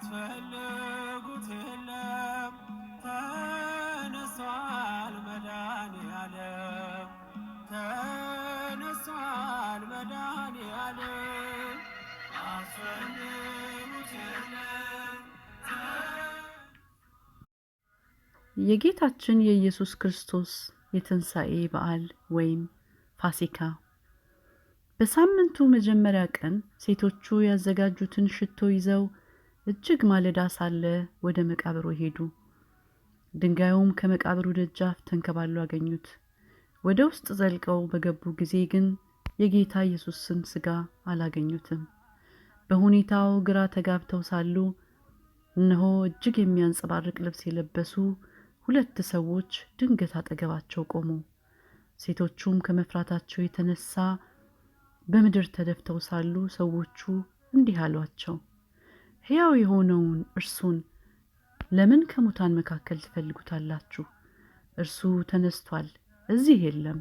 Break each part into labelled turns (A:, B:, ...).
A: የማትፈልጉት የለም ተነሷል መድኃኒዓለም ተነሷል መድኃኒዓለም የጌታችን የኢየሱስ ክርስቶስ የትንሣኤ በዓል ወይም ፋሲካ በሳምንቱ መጀመሪያ ቀን ሴቶቹ ያዘጋጁትን ሽቶ ይዘው እጅግ ማለዳ ሳለ ወደ መቃብሩ ሄዱ። ድንጋዩም ከመቃብሩ ደጃፍ ተንከባሎ አገኙት። ወደ ውስጥ ዘልቀው በገቡ ጊዜ ግን የጌታ ኢየሱስን ሥጋ አላገኙትም። በሁኔታው ግራ ተጋብተው ሳሉ እነሆ እጅግ የሚያንጸባርቅ ልብስ የለበሱ ሁለት ሰዎች ድንገት አጠገባቸው ቆሙ። ሴቶቹም ከመፍራታቸው የተነሳ በምድር ተደፍተው ሳሉ ሰዎቹ እንዲህ አሏቸው፣ ሕያው የሆነውን እርሱን ለምን ከሙታን መካከል ትፈልጉታላችሁ? እርሱ ተነስቷል፣ እዚህ የለም።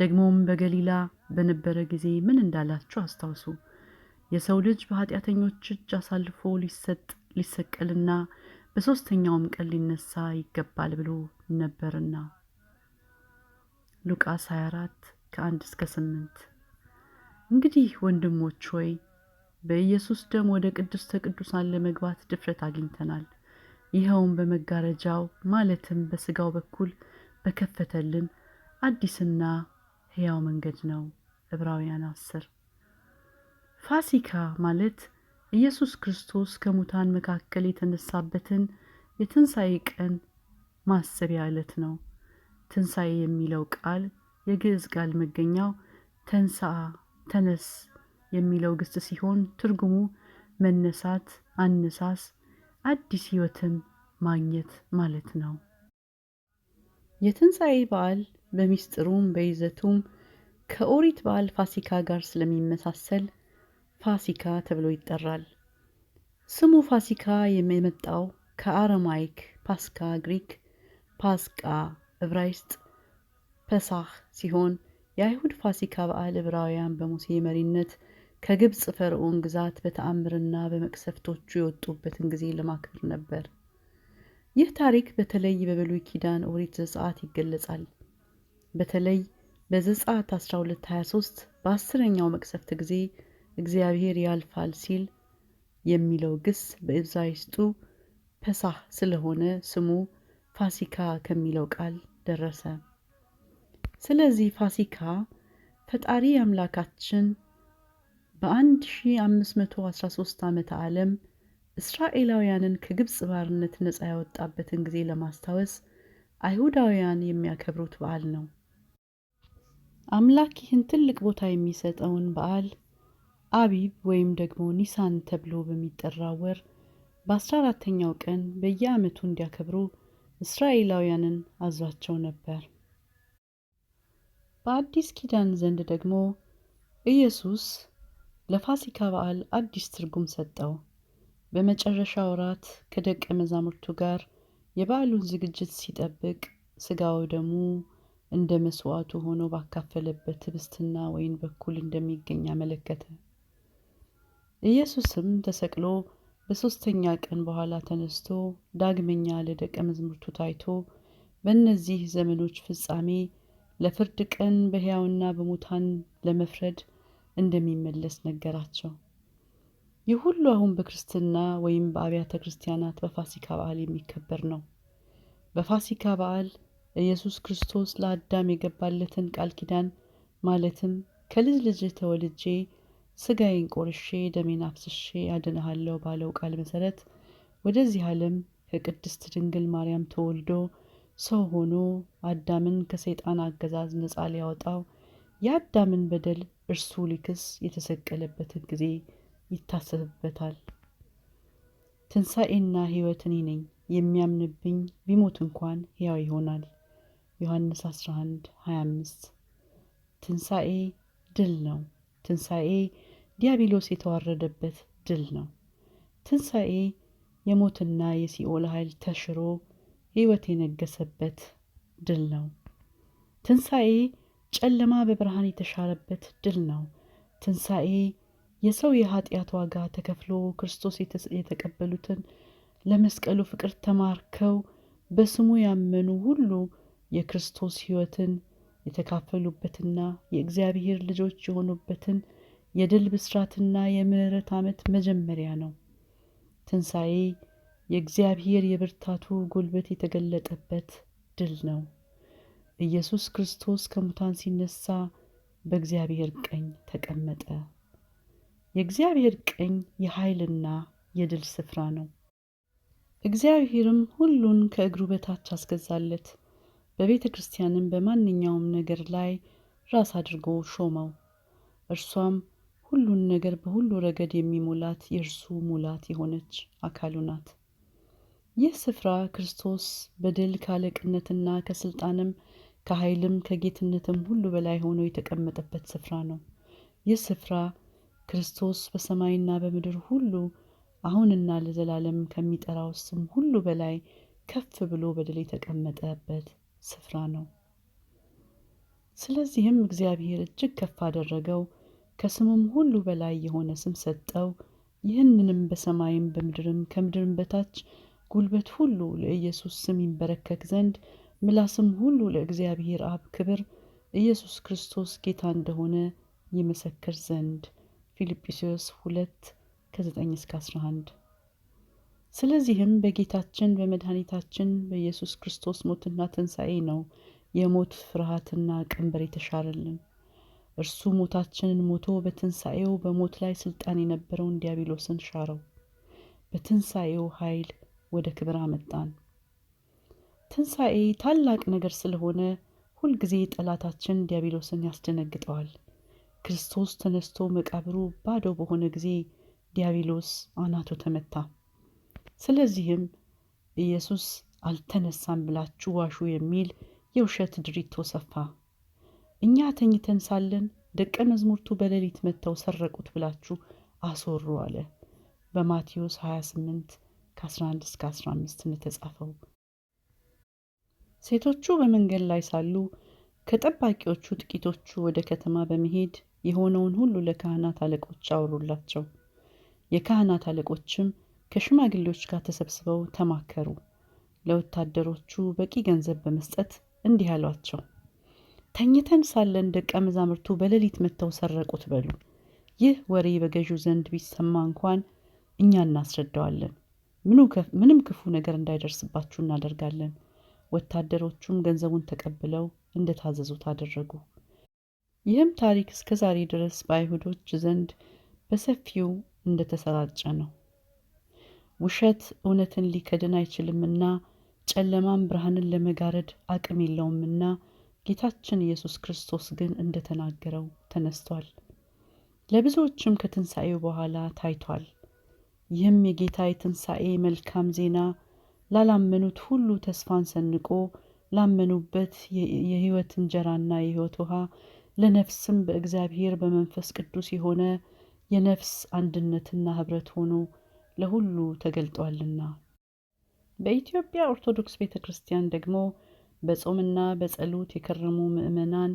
A: ደግሞም በገሊላ በነበረ ጊዜ ምን እንዳላችሁ አስታውሱ። የሰው ልጅ በኃጢአተኞች እጅ አሳልፎ ሊሰጥ ሊሰቀልና በሦስተኛውም ቀን ሊነሳ ይገባል ብሎ ነበርና። ሉቃስ 24 ከ1 እስከ 8 እንግዲህ ወንድሞች ሆይ በኢየሱስ ደም ወደ ቅድስተ ቅዱሳን ለመግባት ድፍረት አግኝተናል። ይኸውም በመጋረጃው ማለትም በስጋው በኩል በከፈተልን አዲስና ሕያው መንገድ ነው። ዕብራውያን አስር ፋሲካ ማለት ኢየሱስ ክርስቶስ ከሙታን መካከል የተነሳበትን የትንሣኤ ቀን ማሰቢያ ዕለት ነው። ትንሣኤ የሚለው ቃል የግዕዝ ቃል መገኛው ተንሳ ተነስ፣ የሚለው ግስ ሲሆን ትርጉሙ መነሳት፣ አነሳስ፣ አዲስ ህይወትን ማግኘት ማለት ነው። የትንሣኤ በዓል በሚስጥሩም በይዘቱም ከኦሪት በዓል ፋሲካ ጋር ስለሚመሳሰል ፋሲካ ተብሎ ይጠራል። ስሙ ፋሲካ የመጣው ከአረማይክ ፓስካ፣ ግሪክ ፓስቃ፣ ዕብራይስጥ ፐሳህ ሲሆን የአይሁድ ፋሲካ በዓል ዕብራውያን በሙሴ መሪነት ከግብፅ ፈርዖን ግዛት በተአምርና በመቅሰፍቶቹ የወጡበትን ጊዜ ለማክበር ነበር። ይህ ታሪክ በተለይ በብሉይ ኪዳን ኦሪት ዘጸአት ይገለጻል። በተለይ በዘጸአት 1223 በአስረኛው መቅሰፍት ጊዜ እግዚአብሔር ያልፋል ሲል የሚለው ግስ በዕብራይስጡ ፐሳህ ስለሆነ ስሙ ፋሲካ ከሚለው ቃል ደረሰ። ስለዚህ ፋሲካ ፈጣሪ አምላካችን በ1513 ዓመተ ዓለም እስራኤላውያንን ከግብፅ ባርነት ነፃ ያወጣበትን ጊዜ ለማስታወስ አይሁዳውያን የሚያከብሩት በዓል ነው። አምላክ ይህን ትልቅ ቦታ የሚሰጠውን በዓል አቢብ ወይም ደግሞ ኒሳን ተብሎ በሚጠራው ወር በ14ተኛው ቀን በየዓመቱ እንዲያከብሩ እስራኤላውያንን አዟቸው ነበር። በአዲስ ኪዳን ዘንድ ደግሞ ኢየሱስ ለፋሲካ በዓል አዲስ ትርጉም ሰጠው። በመጨረሻ ወራት ከደቀ መዛሙርቱ ጋር የበዓሉን ዝግጅት ሲጠብቅ ስጋው ደሙ እንደ መስዋዕቱ ሆኖ ባካፈለበት ኅብስትና ወይን በኩል እንደሚገኝ አመለከተ። ኢየሱስም ተሰቅሎ በሦስተኛ ቀን በኋላ ተነስቶ ዳግመኛ ለደቀ መዝሙርቱ ታይቶ በእነዚህ ዘመኖች ፍጻሜ ለፍርድ ቀን በሕያውና በሙታን ለመፍረድ እንደሚመለስ ነገራቸው። ይህ ሁሉ አሁን በክርስትና ወይም በአብያተ ክርስቲያናት በፋሲካ በዓል የሚከበር ነው። በፋሲካ በዓል ኢየሱስ ክርስቶስ ለአዳም የገባለትን ቃል ኪዳን ማለትም ከልጅ ልጅ ተወልጄ ስጋዬን ቆርሼ ደሜን አፍስሼ አድንሃለሁ ባለው ቃል መሰረት ወደዚህ ዓለም ከቅድስት ድንግል ማርያም ተወልዶ ሰው ሆኖ አዳምን ከሰይጣን አገዛዝ ነፃ ሊያወጣው የአዳምን በደል እርሱ ሊክስ የተሰቀለበትን ጊዜ ይታሰብበታል። ትንሣኤና ሕይወት እኔ ነኝ፣ የሚያምንብኝ ቢሞት እንኳን ሕያው ይሆናል። ዮሐንስ 11 25 ትንሣኤ ድል ነው። ትንሣኤ ዲያብሎስ የተዋረደበት ድል ነው። ትንሣኤ የሞትና የሲኦል ኃይል ተሽሮ ሕይወት የነገሰበት ድል ነው። ትንሣኤ ጨለማ በብርሃን የተሻረበት ድል ነው። ትንሣኤ የሰው የኃጢአት ዋጋ ተከፍሎ ክርስቶስ የተቀበሉትን ለመስቀሉ ፍቅር ተማርከው በስሙ ያመኑ ሁሉ የክርስቶስ ሕይወትን የተካፈሉበትና የእግዚአብሔር ልጆች የሆኑበትን የድል ብስራትና የምሕረት ዓመት መጀመሪያ ነው። ትንሣኤ የእግዚአብሔር የብርታቱ ጉልበት የተገለጠበት ድል ነው። ኢየሱስ ክርስቶስ ከሙታን ሲነሳ በእግዚአብሔር ቀኝ ተቀመጠ። የእግዚአብሔር ቀኝ የኃይልና የድል ስፍራ ነው። እግዚአብሔርም ሁሉን ከእግሩ በታች አስገዛለት። በቤተ ክርስቲያንም በማንኛውም ነገር ላይ ራስ አድርጎ ሾመው። እርሷም ሁሉን ነገር በሁሉ ረገድ የሚሞላት የእርሱ ሙላት የሆነች አካሉ ናት። ይህ ስፍራ ክርስቶስ በድል ካለቅነትና ከስልጣንም ከኃይልም ከጌትነትም ሁሉ በላይ ሆኖ የተቀመጠበት ስፍራ ነው። ይህ ስፍራ ክርስቶስ በሰማይና በምድር ሁሉ አሁንና ለዘላለም ከሚጠራው ስም ሁሉ በላይ ከፍ ብሎ በድል የተቀመጠበት ስፍራ ነው። ስለዚህም እግዚአብሔር እጅግ ከፍ አደረገው፣ ከስሙም ሁሉ በላይ የሆነ ስም ሰጠው። ይህንንም በሰማይም በምድርም ከምድርም በታች ጉልበት ሁሉ ለኢየሱስ ስም ይንበረከክ ዘንድ ምላስም ሁሉ ለእግዚአብሔር አብ ክብር ኢየሱስ ክርስቶስ ጌታ እንደሆነ ይመሰክር ዘንድ ፊልጵስዩስ 2 9 እስከ 11 ስለዚህም በጌታችን በመድኃኒታችን በኢየሱስ ክርስቶስ ሞትና ትንሣኤ ነው የሞት ፍርሃትና ቅንበር የተሻረልን። እርሱ ሞታችንን ሞቶ በትንሣኤው በሞት ላይ ሥልጣን የነበረውን ዲያብሎስን ሻረው፣ በትንሣኤው ኃይል ወደ ክብር አመጣን። ትንሣኤ ታላቅ ነገር ስለሆነ ሁልጊዜ ጠላታችን ዲያብሎስን ያስደነግጠዋል። ክርስቶስ ተነስቶ መቃብሩ ባዶ በሆነ ጊዜ ዲያብሎስ አናቱ ተመታ። ስለዚህም ኢየሱስ አልተነሳም ብላችሁ ዋሹ የሚል የውሸት ድሪቶ ሰፋ። እኛ ተኝተን ሳለን ደቀ መዝሙርቱ በሌሊት መጥተው ሰረቁት ብላችሁ አስወሩ አለ። በማቴዎስ 28 ከ11 እስከ 15 እንደተጻፈው ሴቶቹ በመንገድ ላይ ሳሉ ከጠባቂዎቹ ጥቂቶቹ ወደ ከተማ በመሄድ የሆነውን ሁሉ ለካህናት አለቆች አወሩላቸው። የካህናት አለቆችም ከሽማግሌዎች ጋር ተሰብስበው ተማከሩ። ለወታደሮቹ በቂ ገንዘብ በመስጠት እንዲህ አሏቸው፣ ተኝተን ሳለን ደቀ መዛሙርቱ በሌሊት መጥተው ሰረቁት በሉ። ይህ ወሬ በገዢው ዘንድ ቢሰማ እንኳን እኛ እናስረዳዋለን፣ ምንም ክፉ ነገር እንዳይደርስባችሁ እናደርጋለን። ወታደሮቹም ገንዘቡን ተቀብለው እንደታዘዙት አደረጉ። ይህም ታሪክ እስከ ዛሬ ድረስ በአይሁዶች ዘንድ በሰፊው እንደተሰራጨ ነው። ውሸት እውነትን ሊከድን አይችልምና ጨለማም ብርሃንን ለመጋረድ አቅም የለውምና ጌታችን ኢየሱስ ክርስቶስ ግን እንደተናገረው ተነስቷል፣ ለብዙዎችም ከትንሣኤው በኋላ ታይቷል። ይህም የጌታ የትንሣኤ መልካም ዜና ላላመኑት ሁሉ ተስፋን ሰንቆ ላመኑበት የህይወት እንጀራና የህይወት ውሃ ለነፍስም በእግዚአብሔር በመንፈስ ቅዱስ የሆነ የነፍስ አንድነትና ህብረት ሆኖ ለሁሉ ተገልጧልና። በኢትዮጵያ ኦርቶዶክስ ቤተ ክርስቲያን ደግሞ በጾምና በጸሎት የከረሙ ምዕመናን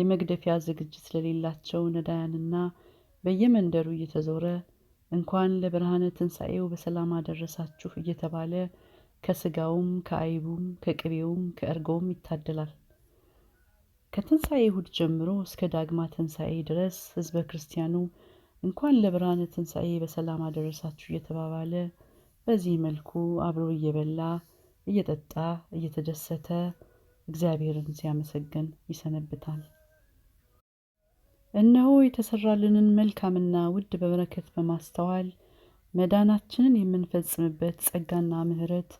A: የመግደፊያ ዝግጅት ለሌላቸው ነዳያንና በየመንደሩ እየተዞረ እንኳን ለብርሃነ ትንሣኤው በሰላም አደረሳችሁ እየተባለ ከስጋውም ከአይቡም ከቅቤውም ከእርጎም ይታደላል። ከትንሣኤ እሁድ ጀምሮ እስከ ዳግማ ትንሣኤ ድረስ ሕዝበ ክርስቲያኑ እንኳን ለብርሃነ ትንሣኤ በሰላም አደረሳችሁ እየተባባለ በዚህ መልኩ አብሮ እየበላ እየጠጣ እየተደሰተ እግዚአብሔርን ሲያመሰግን ይሰነብታል። እነሆ የተሰራልንን መልካምና ውድ በበረከት በማስተዋል መዳናችንን የምንፈጽምበት ጸጋና ምሕረት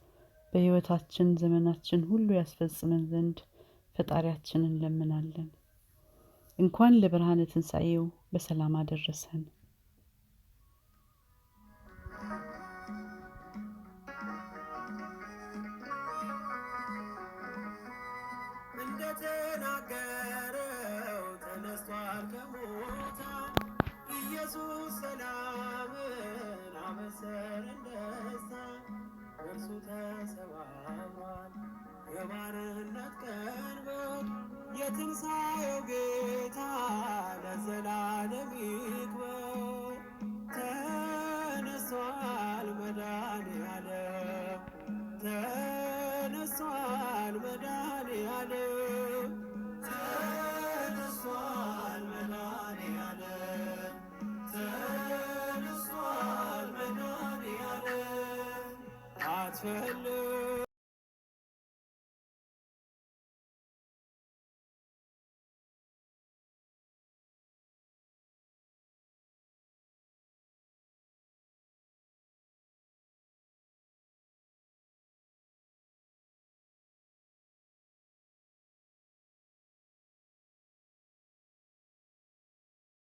A: በሕይወታችን ዘመናችን ሁሉ ያስፈጽመን ዘንድ ፈጣሪያችንን እንለምናለን። እንኳን ለብርሃነ ትንሣኤው በሰላም አደረሰን። እንደተናገረው ተነስቷል ከሞታ ኢየሱስ ሰላም 却留。